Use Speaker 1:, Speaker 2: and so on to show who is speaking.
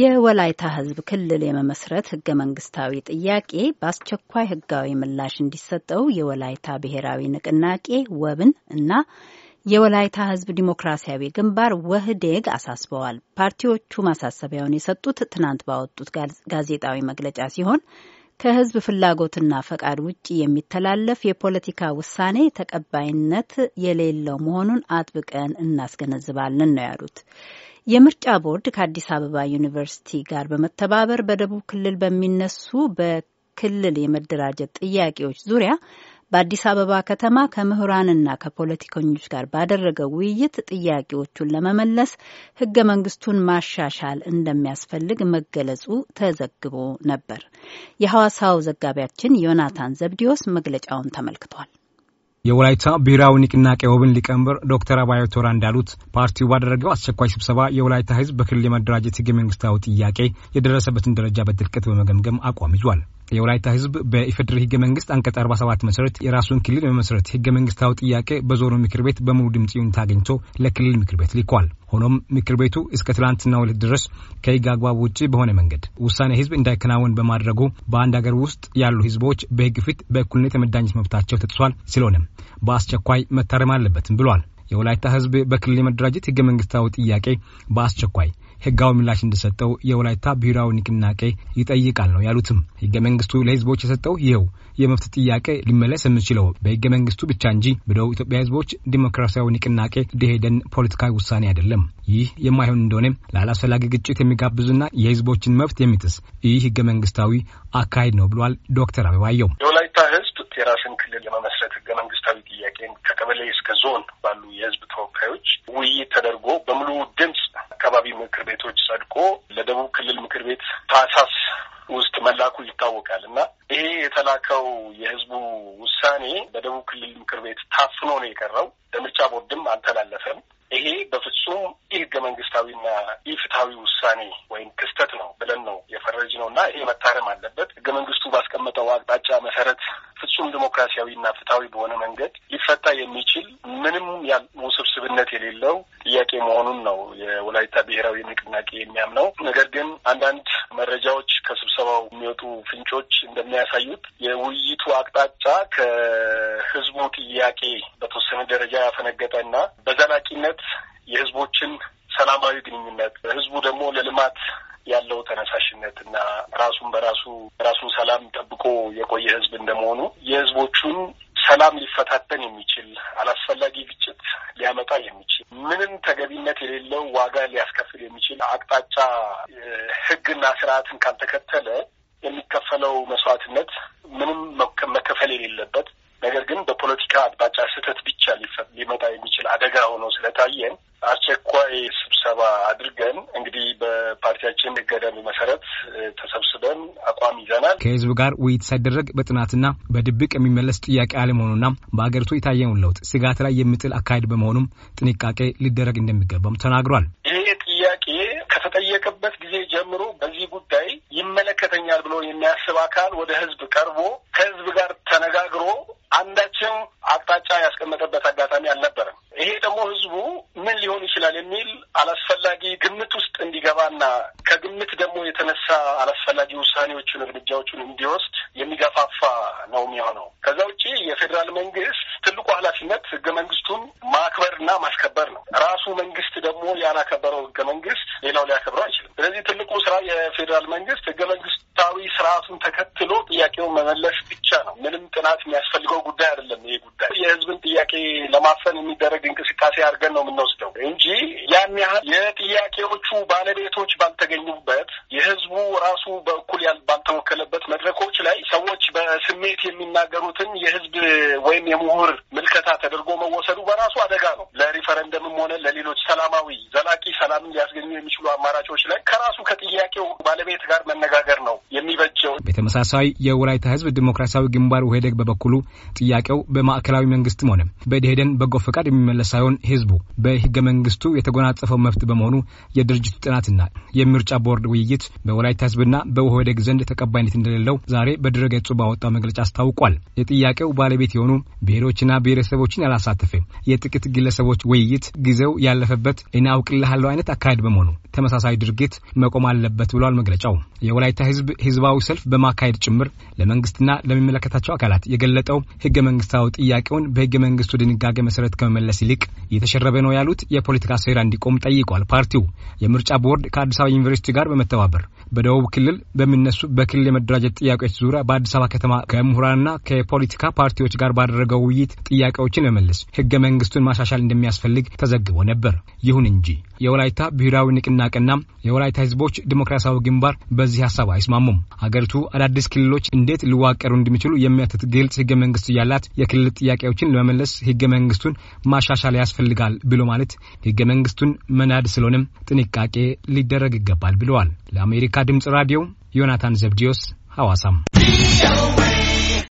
Speaker 1: የወላይታ ህዝብ ክልል የመመስረት ህገ መንግስታዊ ጥያቄ በአስቸኳይ ህጋዊ ምላሽ እንዲሰጠው የወላይታ ብሔራዊ ንቅናቄ ወብን እና የወላይታ ህዝብ ዲሞክራሲያዊ ግንባር ወህዴግ አሳስበዋል። ፓርቲዎቹ ማሳሰቢያውን የሰጡት ትናንት ባወጡት ጋዜጣዊ መግለጫ ሲሆን ከህዝብ ፍላጎትና ፈቃድ ውጭ የሚተላለፍ የፖለቲካ ውሳኔ ተቀባይነት የሌለው መሆኑን አጥብቀን እናስገነዝባለን ነው ያሉት። የምርጫ ቦርድ ከአዲስ አበባ ዩኒቨርሲቲ ጋር በመተባበር በደቡብ ክልል በሚነሱ በክልል የመደራጀት ጥያቄዎች ዙሪያ በአዲስ አበባ ከተማ ከምሁራንና ከፖለቲከኞች ጋር ባደረገው ውይይት ጥያቄዎቹን ለመመለስ ህገ መንግስቱን ማሻሻል እንደሚያስፈልግ መገለጹ ተዘግቦ ነበር። የሐዋሳው ዘጋቢያችን ዮናታን ዘብዲዮስ መግለጫውን ተመልክቷል።
Speaker 2: የወላይታ ብሔራዊ ንቅናቄ ወብን ሊቀመንበር ዶክተር አባዮ ቶራ እንዳሉት ፓርቲው ባደረገው አስቸኳይ ስብሰባ የወላይታ ህዝብ በክልል የመደራጀት ህገ መንግስታዊ ጥያቄ የደረሰበትን ደረጃ በጥልቀት በመገምገም አቋም ይዟል። የወላይታ ህዝብ በኢፌዴሪ ህገ መንግስት አንቀጽ 47 መሰረት የራሱን ክልል የመመስረት ህገ መንግስታዊ ጥያቄ በዞኑ ምክር ቤት በሙሉ ድምፅ ይሁንታ አግኝቶ ለክልል ምክር ቤት ልኳል። ሆኖም ምክር ቤቱ እስከ ትላንትና ዕለት ድረስ ከህግ አግባብ ውጭ በሆነ መንገድ ውሳኔ ህዝብ እንዳይከናወን በማድረጉ በአንድ ሀገር ውስጥ ያሉ ህዝቦች በህግ ፊት በእኩልነት የመዳኘት መብታቸው ተጥሷል። ስለሆነም በአስቸኳይ መታረም አለበትም ብሏል። የወላይታ ህዝብ በክልል የመደራጀት ህገ መንግስታዊ ጥያቄ በአስቸኳይ ህጋዊ ምላሽ እንዲሰጠው የወላይታ ብሔራዊ ንቅናቄ ይጠይቃል ነው ያሉትም። ህገ መንግስቱ ለህዝቦች የሰጠው ይኸው የመብት ጥያቄ ሊመለስ የምችለው በህገ መንግስቱ ብቻ እንጂ ብለው ኢትዮጵያ ህዝቦች ዲሞክራሲያዊ ንቅናቄ ደሄደን ፖለቲካዊ ውሳኔ አይደለም። ይህ የማይሆን እንደሆነ ለአላስፈላጊ ግጭት የሚጋብዙና የህዝቦችን መብት የሚጥስ ይህ ህገ መንግስታዊ አካሄድ ነው ብሏል ዶክተር አበባየው።
Speaker 3: የወላይታ ህዝብ የራስን ክልል ለመመስረት ህገ መንግስታዊ ጥያቄን ከቀበሌ እስከ ዞን ባሉ የህዝብ ተወካዮች ውይይት ተደርጎ በሙሉ ድምፅ አካባቢ ምክር ቤቶች ጸድቆ ለደቡብ ክልል ምክር ቤት ታህሳስ ውስጥ መላኩ ይታወቃል እና ይሄ የተላከው የህዝቡ ውሳኔ በደቡብ ክልል ምክር ቤት ታፍኖ ነው የቀረው። ለምርጫ ቦርድም አልተላለፈም። ይሄ በፍጹም ይህ መንግስታዊና ይህ ውሳኔ ወይም ክስተት ነው ብለን ነው የፈረጅ ነው እና ይሄ መታረም አለበት። ህገ መንግስቱ ባስቀመጠው አቅጣጫ መሰረት ፍጹም ዲሞክራሲያዊና ፍትሐዊ በሆነ መንገድ ሊፈታ የሚችል ምንም ውስብስብነት የሌለው ጥያቄ መሆኑን ነው የወላይታ ብሔራዊ ንቅናቄ የሚያምነው። ነገር ግን አንዳንድ መረጃዎች ከስብሰባው የሚወጡ ፍንጮች እንደሚያሳዩት የውይይቱ አቅጣጫ ከህዝቡ ጥያቄ በተወሰነ ደረጃ ያፈነገጠ እና በዘላቂነት የህዝቦችን ሰላማዊ ግንኙነት ህዝቡ ደግሞ ለልማት ያለው ተነሳሽነት እና ራሱን በራሱ ራሱን ሰላም ጠብቆ የቆየ ህዝብ እንደመሆኑ የህዝቦቹን ሰላም ሊፈታተን የሚችል አላስፈላጊ ግጭት ሊያመጣ የሚችል ምንም ተገቢነት የሌለው ዋጋ ሊያስከፍል የሚችል አቅጣጫ ህግና ስርዓትን ካልተከተለ የሚከፈለው መስዋዕትነት ምንም መከፈል የሌለበት ነገር ግን በፖለቲካ አቅጣጫ ስህተት ብቻ ሊመጣ የሚችል አደጋ ሆኖ ስለታየን አስቸኳይ ስብሰባ አድርገን እንግዲህ
Speaker 2: በፓርቲያችን ሕገ መሰረት ተሰብስበን አቋም ይዘናል። ከህዝብ ጋር ውይይት ሳይደረግ በጥናትና በድብቅ የሚመለስ ጥያቄ አለመሆኑና በሀገሪቱ የታየውን ለውጥ ስጋት ላይ የሚጥል አካሄድ በመሆኑም ጥንቃቄ ሊደረግ እንደሚገባም ተናግሯል።
Speaker 3: ይሄ ጥያቄ ከተጠየቀበት ጊዜ ጀምሮ በዚህ ጉዳይ ይመለከተኛል ብሎ የሚያስብ አካል ወደ ህዝብ ቀርቦ ከህዝብ ጋር ተነጋግሮ አንዳችም አቅጣጫ ያስቀመጠበት አጋጣሚ አልነበረም። ይሄ ደግሞ ህዝቡ ምን ሊሆን ይችላል የሚል አላስፈላጊ ግምት ውስጥ እንዲገባና ከግምት ደግሞ የተነሳ አላስፈላጊ ውሳኔዎቹን፣ እርምጃዎችን እንዲወስድ የሚገፋፋ ነው የሚሆነው። ከዛ ውጭ የፌዴራል መንግስት ትልቁ ኃላፊነት ህገ መንግስቱን ማክበርና ማስከበር ነው። ራሱ መንግስት ደግሞ ያላከበረው ህገ መንግስት ሌላው ሊያከብረው አይችልም። ስለዚህ ትልቁ ስራ የፌዴራል መንግስት ህገ መንግስታዊ ስርዓቱን ተከትሎ ጥያቄውን መመለስ ብቻ ነው። ምንም ጥናት የሚያስፈልገው ጉዳይ አይደለም። ይሄ ጉዳይ የህዝብን ጥያቄ ለማፈን የሚደረግ እንቅስቃሴ አድርገን ነው የምንወስደው እንጂ ያን ያህል የጥያቄዎቹ ባለቤቶች ባልተገኙበት የህዝቡ ራሱ በእኩል ባልተወከለበት መድረኮች ላይ ሰዎች በስሜት የሚናገሩትን የህዝብ ወይም የምሁር ምልከታ ተደርጎ መወሰዱ
Speaker 2: በራሱ አደጋ ነው። ለሪፈረንደምም ሆነ ለሌሎች ሰላማዊ ዘላቂ ሰላምን ሊያስገኙ የሚችሉ አማራጮች ላይ ከራሱ ከጥያቄው ባለቤት ጋር መነጋገር ነው የሚበጀው። በተመሳሳይ የወላይታ ህዝብ ዲሞክራሲያዊ ግንባር ውሄደግ በበኩሉ ጥያቄው በማዕከላዊ መንግስትም ሆነ በደኢህዴን በጎ ፈቃድ የሚመለስ ሳይሆን ህዝቡ በህገ መንግስቱ የተጎናጸፈው መብት በመሆኑ የድርጅቱ ጥናትና የምርጫ ቦርድ ውይይት በወላይታ ህዝብና በውህደግ ዘንድ ተቀባይነት እንደሌለው ዛሬ በድረገጹ ባወጣ መግለጫ አስታውቋል። የጥያቄው ባለቤት የሆኑ ብሔሮችና ብሔረሰቦችን ያላሳተፈ የጥቂት ግለሰቦች ውይይት ጊዜው ያለፈበት እናውቅልሃለው አይነት አካሄድ በመሆኑ ተመሳሳይ ድርጊት መቆም አለበት ብሏል መግለጫው። የወላይታ ህዝብ ህዝባዊ ሰልፍ በማካሄድ ጭምር ለመንግስትና ለሚመለከታቸው አካላት የገለጠው ህገ መንግስታዊ ጥያቄውን በህገ መንግስቱ ድንጋጌ መሰረት ከመመለስ ይልቅ የተሸረበ ነው ያሉት የፖለቲካ ሴራ እንዲቆም ጠይቋል። ፓርቲው የምርጫ ቦርድ ከአዲስ አበባ ዩኒቨርሲቲ ጋር በመተባበር በደቡብ ክልል በሚነሱ በክልል የመደራጀት ጥያቄዎች ዙሪያ ዙሪያ በአዲስ አበባ ከተማ ከምሁራንና ከፖለቲካ ፓርቲዎች ጋር ባደረገው ውይይት ጥያቄዎችን መመለስ ህገ መንግስቱን ማሻሻል እንደሚያስፈልግ ተዘግቦ ነበር። ይሁን እንጂ የወላይታ ብሔራዊ ንቅናቄና የወላይታ ህዝቦች ዲሞክራሲያዊ ግንባር በዚህ ሀሳብ አይስማሙም። ሀገሪቱ አዳዲስ ክልሎች እንዴት ሊዋቀሩ እንደሚችሉ የሚያትት ግልጽ ህገ መንግስቱ እያላት የክልል ጥያቄዎችን ለመመለስ ህገ መንግስቱን ማሻሻል ያስፈልጋል ብሎ ማለት ህገ መንግስቱን መናድ ስለሆነም ጥንቃቄ ሊደረግ ይገባል ብለዋል። ለአሜሪካ ድምጽ ራዲዮ ዮናታን ዘብዲዮስ ሐዋሳም